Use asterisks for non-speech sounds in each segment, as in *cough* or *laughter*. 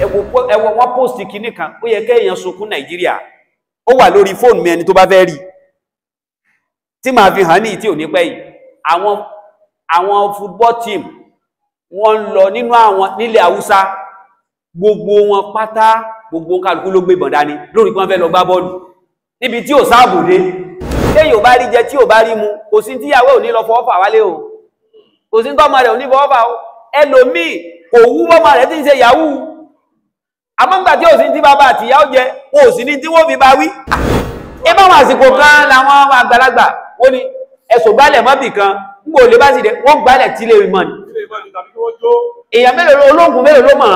ẹwọ wọ́n post kìíní kan ó yẹ kẹ́yàn sunkún nàìjíríà ó wà lórí fóònù mi ẹni tó bá fẹ́ rí tí màá fi hàn ní ìtí òní pẹ́ yìí àwọn football team wọ́n ń lọ nínú àwọn nílẹ̀ haúsá gbogbo wọn pátá gbogbo kálukú ló gbébọn dání lórí pé wọ́n fẹ́ lọ gbá bọ́ọ̀lù níbi tí ò sáàbò dé téèyàn bá rí jẹ tí ò bá rí mu kò sí tíyàwó ò ní lọ fọwọ́ wálé o kò sí tọ́mọ rẹ̀ ò ní fọwọ́ o ẹlòmíì kò wú bọ́mọ rẹ̀ tí ń ṣe yahoo àmọ́gbà tí ó sì tí bàbá àti ìyá ó jẹ ó sì ní tí wọ́n fi bá wí ẹbá wọn àsìkò kan làwọn àgbàlagbà wọ́n ní ẹ̀sùn gbálẹ̀ mọ́bì kan gbò lè bá sì dẹ̀ wọ́n gbálẹ̀ tí lè mọ̀ ní èyàn mélòó olóògùn mélòó ló mọ̀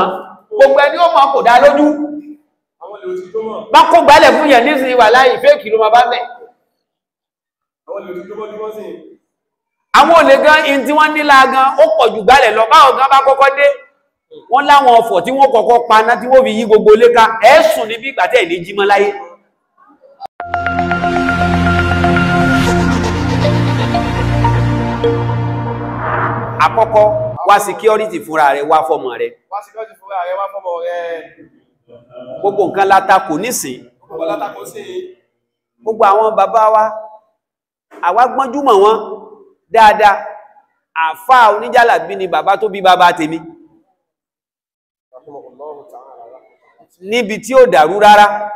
gbogbo ẹni ó mọ̀ kò dá lójú bá kó gbálẹ̀ fún yẹn ní sin wà láì fẹ́ kìló máa bá mẹ́ àwọn olè gan in tí wọ́n nílá gan ó pọ̀ jù gbálẹ̀ lọ báwọn gan bá kọ́kọ́ dé wọ́n láwọn ọ̀fọ̀ tí wọ́n kọ́kọ́ paná tí wọ́n fi yí gbogbo léka ẹ̀sùn níbi ìgbà tẹ́ ní jímọ́ láyé àkọ́kọ́ wá security fúnra rẹ̀ wá fọ́mọ rẹ̀ gbogbo nǹkan látakò nísìn gbogbo àwọn bàbá wa àwa gbọ́njúmọ̀ wọn dáadáa àfáà oníjàlàbí ni bàbá tó bí bàbá tèmi níbi tí ó dàrú rárá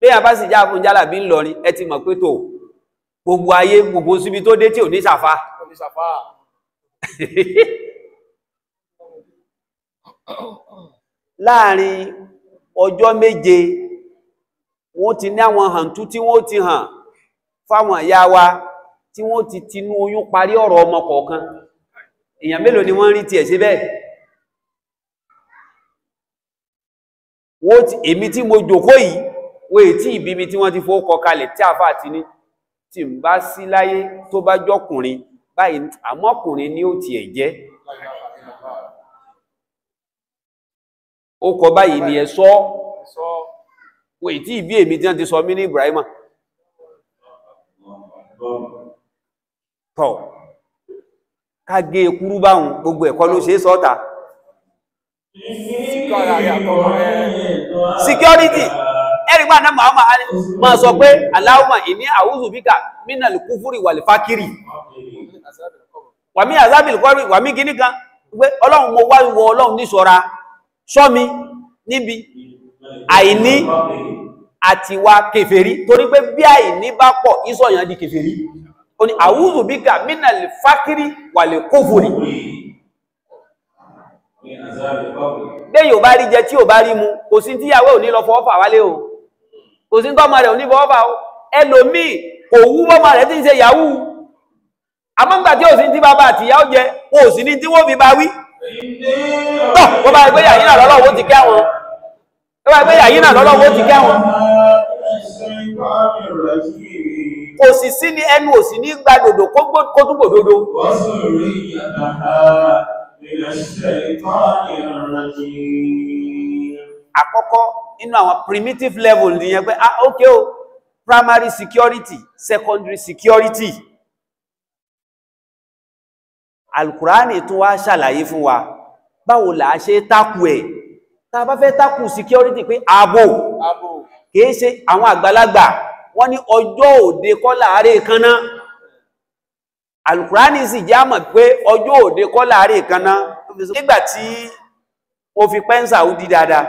bí a bá sì já fún jálàbí ńlọrin ẹ ti mọ̀ pé tó gbogbo ayé gbogbo síbi tó dé tí ò ní sàfá láàrin ọjọ́ méje wọ́n ti ní àwọn hàntú tí wọ́n ti hàn fáwọn ìyá wa tí wọ́n ti tinú oyún parí ọ̀rọ̀ ọmọ kọ̀ọ̀kan èèyàn mélòó ni wọ́n rí tiẹ̀ sí bẹ́ẹ̀ wọ́n ti èmi tí mo jòkó yìí wọ́n ètí ìbími tí wọ́n ti fowó kọ kalẹ̀ tí àfà ti ní tí ń bá sí láyé tó bá jọkùnrin báyìí àmọ́kùnrin ni ó tiẹ̀ jẹ́ ó kọ báyìí ni ẹ sọ wọ́n ètí ìbí èmi tí wọ́n ti sọ mí ní Ibrahima tọ̀ ká gé ekúrú báhùn gbogbo ẹ̀kọ́ ló ṣe é sọ́ta Ìsìnkọ́ra yàtọ̀ rẹ̀ security ẹ̀rìgbà náà Muhammad máa sọ pé Allahumma inni a'udhu bika minal kufuri wal fakiri wàmí azabil kọ́rí wàmí gíní kan pé ọlọ́run mo wá ìwọ ọlọ́run ní ṣọ́ra ṣọ́ mi níbi àìní àti wa kèfèrí torí pé bí àìní bá pọ̀ ìsọ̀yàn di kèfèrí ó ní a'udhu bika minal bẹ́ẹ̀ yóò bá rí jẹ tí ò bá rí mu kò sí tíyàwó ò ní lọ fọwọ́ fà wálé o kò sí tọ́mọ rẹ̀ ò ní fọwọ́ o ẹlòmíì kò wú bọ́mọ rẹ̀ tí ń ṣe yahoo amọ́gbà tí ò sí tí bàbá àtìyá ó jẹ kò sí ní tí wọ́n fi bá wí tọ́ wọ́n bá gbé yàyí náà lọ́lọ́wọ́ ti kẹ́ wọn wọ́n bá gbé yàyí náà lọ́lọ́wọ́ ti kẹ́ wọn kò sì sí ní ẹnu òsì ní gbàdòdò kó túbò dodo. wọ́n sì rí ìyàtọ̀ من الشيطان الرجيم àkọ́kọ́ nínú àwọn primitive level nìyẹn pé ah okay o primary security secondary security al alukurani tún wá ṣàlàyé fún wa báwo là á ṣe takù ẹ̀ tá bá fẹ́ takù security pé ààbò kìí ṣe àwọn àgbàlagbà wọ́n ní ọjọ́ òde kọ́ láàárẹ̀ kanáà alukurani sì já mọ̀ pé ọjọ́ òde kọ́ láàrin ìkanná nígbà tí ó fi pẹ́ńsà ó di dáadáa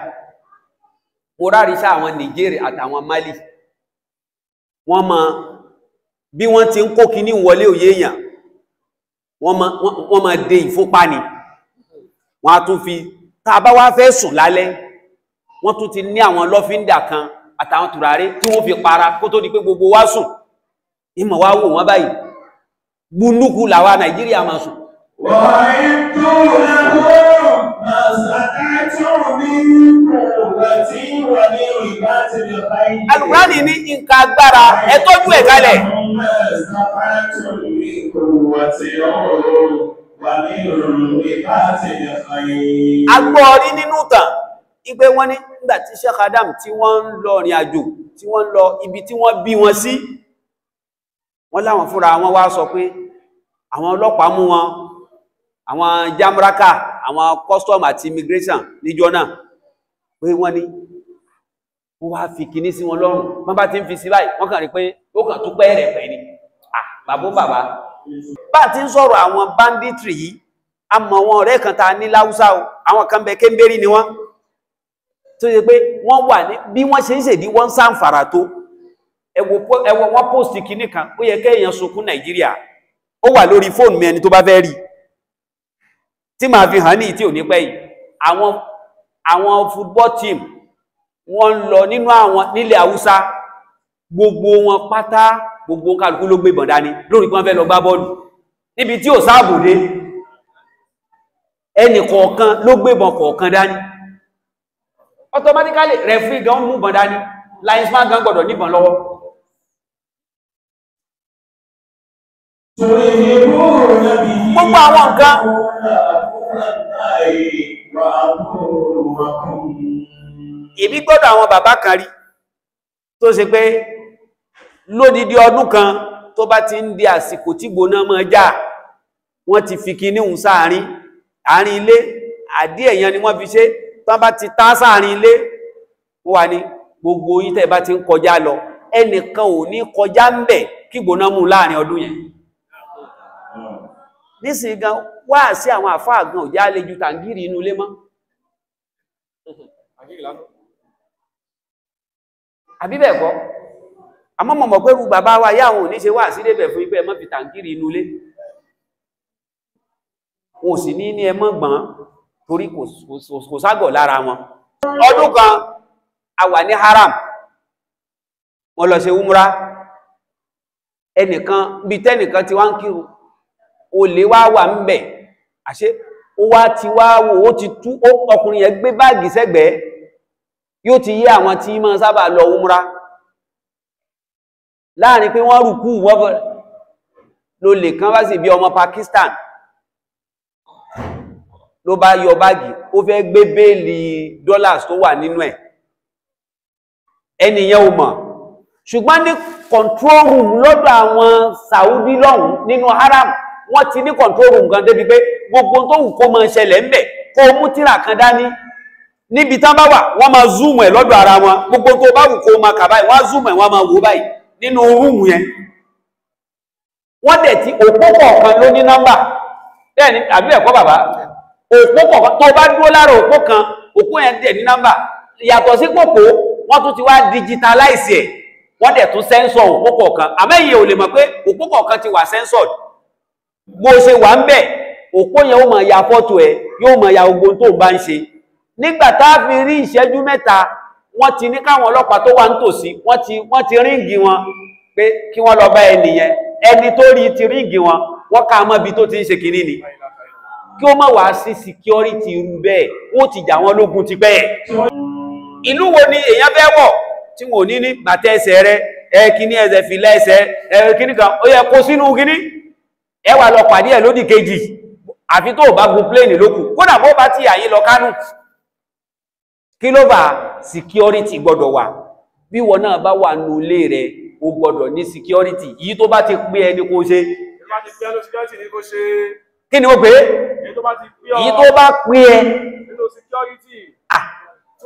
ó rárí sá àwọn Nigeria àtàwọn Mali wọ́n mọ bí wọ́n ti ń kó kíní wọlé òye èèyàn wọ́n mọ de ìfúnpá ni wọ́n tún fi tá wá fẹ́ sùn lálẹ́ wọ́n tún ti ní àwọn lọ́fíńdà kan àtàwọn tùràrí tí wọ́n fi para kó tó di pé gbogbo wa sùn ìmọ̀ wá wò wọ́n báyìí gbúndúkú làwa nàìjíríà máa sùn alùránì ní nǹkan agbára ẹ tọ́jú ẹ̀ kalẹ̀ agbọ́ọ̀rí nínú tàn igbe wọ́n ní nígbàtí Sheikh Adam tí wọ́n ń lọ rìn àjò tí wọ́n lọ ibi tí wọ́n bí wọn sí wọ́n láwọn fúnra wọn wá sọ pé àwọn ọlọ́pàá mú wọn àwọn jamraka àwọn custom àti immigration níjọ náà pé wọ́n ní wọ́n wá fi kìíní sí wọn lọ́rùn wọ́n bá ti ń fi sí báyìí wọ́n kàn rí pé ó kàn tó pẹ́ẹ̀rẹ̀ pẹ̀ ni bàbó bàbá bá ti ń sọ̀rọ̀ àwọn banditry yìí a mọ̀ wọn ọ̀rẹ́ kan ta ní láúsá o àwọn kan bẹ kéńbérí ni wọ́n tó ṣe pé wọ́n wà ní bí wọ́n ṣe ń ṣèdí wọ́n ń sàǹfàrà tó ẹwọ ẹwọ wọn post kìíní kan ó yẹ kéèyàn sunkún nàìjíríà ó wà lórí fóònù mi ẹni tó bá fẹ́ rí tí màá fi hàn ní ìtí òní pẹ́ yìí àwọn àwọn football team wọ́n ń lọ nínú àwọn nílẹ̀ haúsá gbogbo wọn pátá gbogbo kálukú ló gbé ìbọn dání lórí pé wọ́n fẹ́ lọ gbá bọ́ọ̀lù níbi tí ò sáàbò dé ẹnì kọ̀ọ̀kan ló gbé ìbọn kọ̀ọ̀kan dání automatically referee gan mú ìbọn dání linesman gan gbọ́dọ̀ níbọn lọ́wọ́ Gbogbo àwọn nǹkan. Èmi gbọ́dọ̀ àwọn bàbá kan rí tó ṣe pé lódidi ọdún kan tó bá ti ń di àsìkò tí gbóná mọ́ já wọ́n ti fi kíní hùn sáàrin àárín ilé àdí ẹ̀yàn ni wọ́n fi ṣe tán bá ti tá sáàrin ilé wà ní gbogbo yín bá ti ń kọjá lọ ẹnìkan ò ní kọjá ń bẹ̀ kí gbóná mú láàrin ọdún yẹn nísìn gan wá sí àwọn àfá àgbọn òjá lè ju tàǹgìrì inú ilé mọ́ àbíbẹ̀kọ́ àmọ́ mọ̀mọ̀ pé rú bàbá wa yáwọn òní ṣe wà sí débẹ̀ fún ipẹ́ mọ́ fi tàǹgìrì inú ilé wọn sì ní ní ẹmọ́ gbọ́n torí kò ságọ̀ lára wọn ọdún kan a wà ní haram wọ́n lọ ṣe umra ẹnìkan bí tẹ́nìkan ti wá ń kírun olè wá wà ń bẹ̀ àṣé ó wá ti wá wò ó ti tú ọkùnrin yẹn gbé báàgì sẹ́gbẹ̀ẹ́ yóò ti yé àwọn tí máa sábà lọ umra láàrin pé wọ́n rùkú wọ́n ló lè kán bá sì bí ọmọ Pakistan ló bá yọ báàgì ó fẹ́ gbé béèlì dollars tó wà nínú ẹ̀ ẹniyàn ò mọ̀ ṣùgbọ́n ní control room lọ́dọ̀ àwọn Saudi lọ́hùn nínú haram wọ́n ti ní kọ̀ntórù nǹkan débi pé gbogbo tó wù kó mọ ṣẹlẹ̀ ń bẹ̀ kó mú tíra kan dání níbi tán bá wà wọ́n máa zoom ẹ̀ lọ́dọ̀ ara wọn gbogbo tó bá wù kó máa kà báyìí wọ́n zoom ẹ̀ wọ́n máa wò báyìí nínú rúùmù yẹn wọ́n dẹ̀ ti òpó kọ̀ọ̀kan ló ní nọ́mbà bẹ́ẹ̀ ni àbí ẹ̀kọ́ bàbá òpó kọ̀ọ̀kan tó bá dúró lára òpó kan òpó yẹn dẹ̀ ní nọ́mbà yàtọ̀ sí pòpò wọ́n tún ti wá digitalize ẹ̀ wọ́n dẹ̀ tún sẹ́ńsọ̀ òpó kọ̀ọ̀kan àmẹ́yìn ò lè mọ̀ pé òpó kọ̀ọ̀kan ti wà sẹ́ńsọ̀dù bó ṣe wà ń bẹ̀ òpó yẹn ó ma ya fọ́tò ẹ̀ yóò ma ya ogun tó bá ń ṣe nígbà a fi rí ìṣẹ́jú mẹ́ta wọ́n ti ní káwọn ọlọ́pàá tó wà ń tòsí wọ́n ti wọ́n ti ríǹgì wọn pé kí wọ́n lọ bá ẹni yẹn ẹni tó rí ti ríǹgì wọn wọ́n ká mọ́ ibi tó ti ń ṣe kìíní ni kí ó má wá sí security irú bẹ́ẹ̀ o ti jà wọ́n lógun ti bẹ́ẹ̀ ìlú wo ni èèyàn fẹ́ wọ̀ tí ní ní ẹ wà lọ pàdé ẹ̀ lódì kejì àfi tó bá gun pléènì lókù kódà bó bá ti àyè lọ kánú kí ló bá security gbọ́dọ̀ wà bí wọn náà bá wà nù ilé rẹ̀ o gbọ́dọ̀ ní security yìí tó bá ti pé ẹni kó ṣe kí ni ó pé yìí tó bá pé ẹ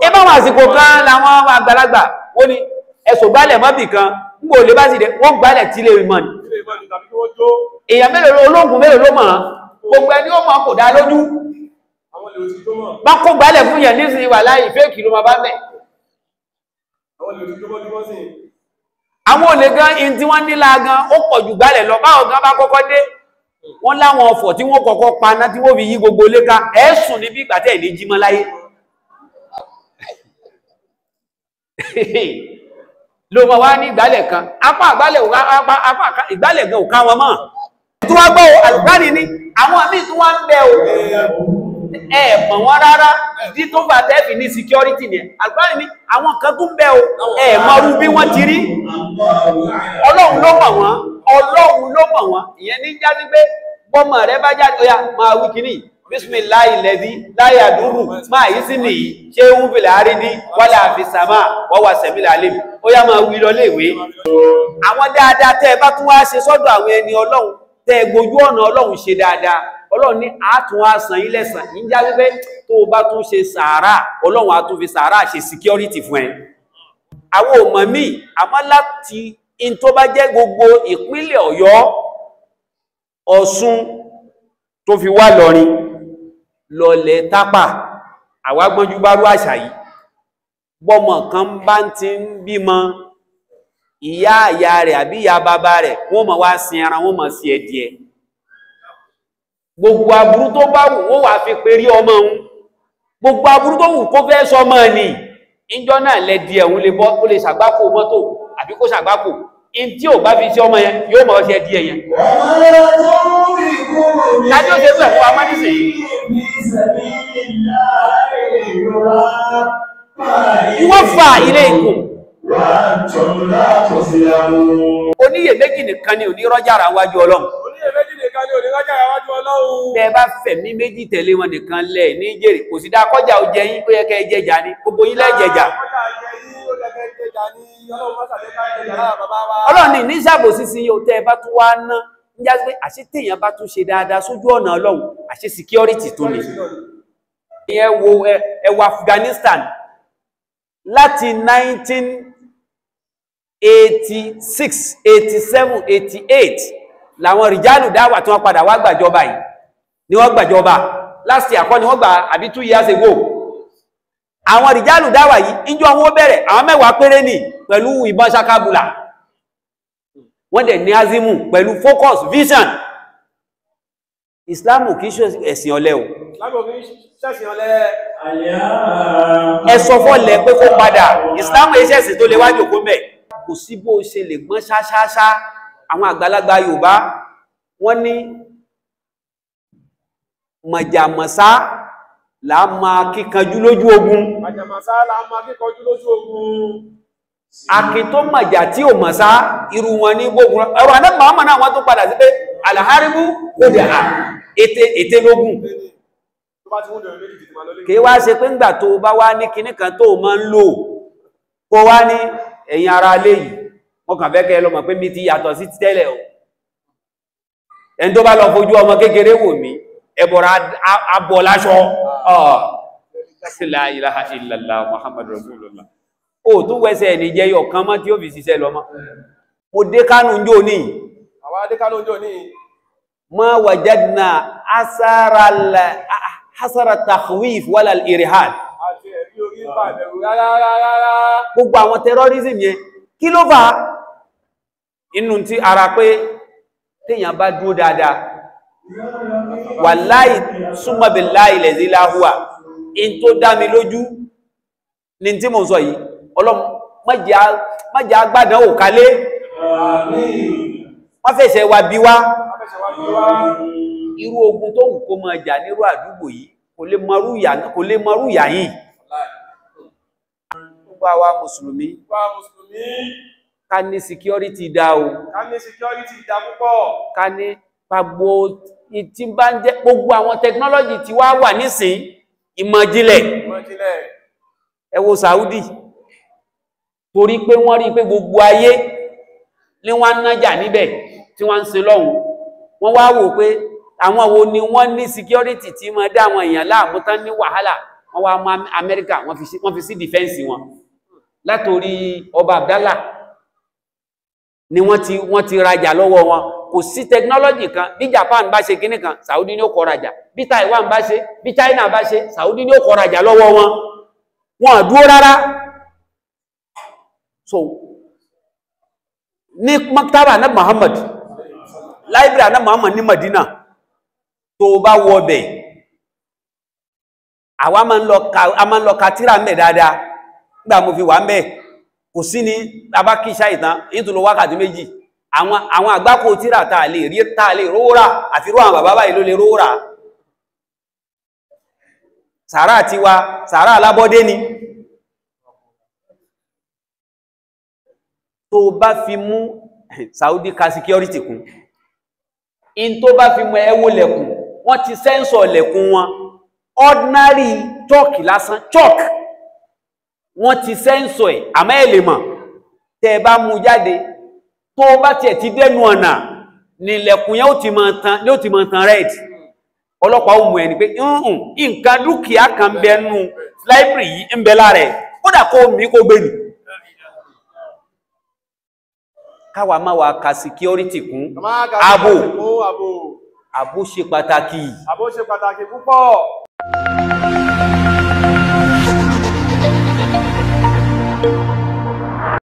ẹ bá wà àsìkò kan làwọn àgbàlagbà wọ́n ní ẹ̀sùn gbálẹ̀ mọ́bì kan gbò lè bá sì dẹ̀ wọ́n gbálẹ̀ tílé mọ́ni èèyàn mélòó olóògùn mélòó ma, mọ̀ gbogbo ẹni ó mọ̀ kò dá lójú bá kó gbálẹ̀ fún yẹn ní ìsìn wà láì fẹ́ẹ̀kì ló máa bá mẹ́ àwọn olè gan in tí wọ́n nílá gan ó pọ̀ jù gbálẹ̀ lọ báwọn gan bá kọ́kọ́ dé wọ́n láwọn ọ̀fọ̀ tí wọ́n kọ́kọ́ paná tí wọ́n fi yí gbogbo léka ẹ̀sùn níbi ìgbà tẹ́ ní jímọ́ láyé *laughs* ló mọ̀ wá ní ìgbálẹ̀ kan apá ìgbálẹ̀ gan ò ká wọn mọ́ tó wá gbọ́ alùgbárì ní àwọn àmì tó wá ń bẹ o ẹ mọ̀ wọ́n rárá dí tó bá tẹ́fì ní security ni alùgbárì ní àwọn kan tó ń bẹ o ẹ mọ̀rú bí wọ́n ti rí ọlọ́run ló mọ̀ wọ́n ọlọ́run ló mọ̀ wọ́n ìyẹn ní jáde pé bọ́mọ̀ rẹ bá jáde ọya máa wí kìíní bísmì láì lẹ́dí láì àdúrù máa yí sí nìyí ṣé ń fi láàárín ní wálà àfisàmà wọ́wà sẹ̀mílà lèmi ó yá máa wí àwọn dáadáa tẹ́ bá tún wá ṣe sọ́dọ̀ àwọn ẹni ọlọ́run tẹ́ gbojú ọ̀nà ọlọ́run ṣe dáadáa ọlọ́run ní àátún àsàn ilẹ̀ sàn ń já wípé tó bá tún ṣe sàárà ọlọ́run àtún fi sàárà ṣe security fún ẹ àwọn ọmọ mi àmọ́ láti in tó bá jẹ́ gbogbo ìpínlẹ̀ ọ̀yọ́ ọ̀ṣun tó fi wá lọ́rin lọ́lẹ̀ tápà àwágbọ́njú bá rú àṣà yìí bọ́mọ̀ kan bá ti ń bímọ ìyá àyà rẹ̀ àbí ìyá bàbá rẹ̀ wọ́n mọ̀ wá sin ara wọ́n mọ̀ sí ẹdìẹ gbogbo aburú tó bá wù wọ́n wà fi perí ọmọ òun gbogbo aburú tó wù kó fẹ́ sọmọ ni ìjọ náà lẹ́dí ẹ̀hún lè bọ́ ó lè ṣàgbákò mọ́tò àbí kó ṣàgbákò in tí ò bá fi sí ọmọ yẹn yóò mọ̀ sí ẹdí ẹ̀yẹn lájọ́ fa ilé ìkùn méjì nìkan ni onírọ́jára wájú ọlọ́run tẹ́ bá fẹ̀mí méjì tẹ̀lé wọn nìkan lẹ̀ ní jèrè kò sí dákọjá ó jẹ yín pé ẹkẹ jẹjà ní gbogbo yín lẹ́jẹjà ọlọ́ni ní ìṣàbò sísí yóò tẹ́ bá tún wá ná níjá pé àṣẹ tèèyàn bá tún ṣe dáadáa sójú ọ̀nà ọlọ́run àṣẹ security tó ní ẹ wo ẹ wo Afghanistan láti 19 Eighty six, 86 87 88 làwọn rìjálù dáwà tí wọ́n padà wá gbàjọba yìí ni wọ́n gbàjọba last year kọ́ ni wọ́n gbà àbí two years ago àwọn rìjálù dáwà yìí ìjọ wọn bẹ̀rẹ̀ àwọn mẹ́wàá péré ni pẹ̀lú ìbọn ṣakabula wọ́n dẹ̀ ní azimu pẹ̀lú focus vision islam kì í ṣe ẹ̀sìn ọ̀lẹ o ẹ sọ fọ́lẹ̀ pé kó padà islam èṣẹ́sìn tó lè wájò kó mẹ́ kò sí bó ṣe lè gbọ́n ṣáṣáṣá àwọn àgbàlagbà Yorùbá wọ́n ní mọ̀jàmọ̀sá là máa kíkanjú lójú ogun mọ̀jàmọ̀sá là máa kíkanjú lójú ogun akin tó mọ̀jà tí ò mọ̀sá irú wọn ní gbógun ẹ̀rọ anẹ́gbà ọmọ náà wọ́n tó padà sí pé alaharibu kò ètè lógún kí wá ṣe pé ńgbà tó bá wá ní kinní tó máa ń lò kó wá ní ẹ̀yin ara alé yìí wọ́n kàn fẹ́kẹ́ lọ mọ̀ pé mi ti yàtọ̀ sí tẹ́lẹ̀ o ẹn tó bá lọ fojú ọmọ kékeré wò mí ẹbọ̀rọ̀ abọ̀ láṣọ la ilaha illallah muhammad rasulullah o tún wẹ́sẹ̀ ẹni jẹ́ yọ kan gbogbo àwọn terrorism yẹn kí ló fà inú tí ara pé téèyàn bá dúró dáadáa wallahi summa billahi lezi láhúwà in tó dá mi lójú ní tí mo sọ yìí ọlọ́run má jẹ́ agbádán ò kalé wọ́n fẹ́sẹ̀ wa bí wá irú ogun tó wù kó máa jà nírú àdúgbò yìí kò lè mọrú ìyà yìí pé àwa mùsùlùmí ká ní security dá o ká ní security dá púpọ̀ ká ní pàgbò tí bá ń jẹ́ gbogbo àwọn technology tí wá wà nísìn ìmọ̀jílẹ̀ ẹ Saudi torí pé wọ́n rí pé gbogbo ayé ní wọ́n nájà níbẹ̀ tí wọ́n ń ṣe lọ́hun wọ́n wá wò pé àwọn wo ni wọ́n ní security tí mọ́ dá àwọn èèyàn láàmú tán ní wàhálà wọ́n wá mọ́ Amẹ́ríkà wọ́n fi sí defense wọn látòrí ọba Abdallah ni wọ́n ti wọ́n ti rajà lọ́wọ́ wọn kò sí technology kan bí Japan bá ṣe kíní kan Saudi ni ó kọ rajà bí Taiwan bá ṣe bí China bá ṣe Saudi ni ó kọ rajà lọ́wọ́ wọn wọn dúró rárá so ní maktaba na Muhammad library na Muhammad ní Madina tó bá wọ bẹ̀ àwa máa ń lọ ka ń bẹ̀ dáadáa gbà mo fi wà ń bẹ̀ kò sí ni abákíṣà ìtàn nítorí wákàtí méjì àwọn àwọn àgbákò tíra tá a lè rí tá a lè rówó rà àfi rú àwọn bàbá báyìí ló lè rówó rà sàárà tiwa sàárà alábọ́dé ni tó bá fi mú Saudi ka security kún in tó bá fi mú ẹwó lẹ̀kùn wọ́n ti sẹ́ńsọ̀ lẹ̀kùn wọn ordinary chalk lásán chalk wọ́n ti sẹ́ńsọ̀ ẹ̀ àmọ́ ẹ̀ lè mọ̀ tẹ́ ẹ bá mú jáde tó bá tiẹ̀ ti dẹ́nu ọ̀nà nílẹ̀kùn yẹn ó ti máa tan yóò ti máa tan red ọlọ́pàá ó mú ẹni pé nǹkan dúkìá kan bẹ nú láìbírì yìí ń bẹ lára ẹ̀ kódà kó mi kó gbé nì. káwa máa wá ka security kún abo abo ṣe pàtàkì. abo ṣe pàtàkì púpọ̀.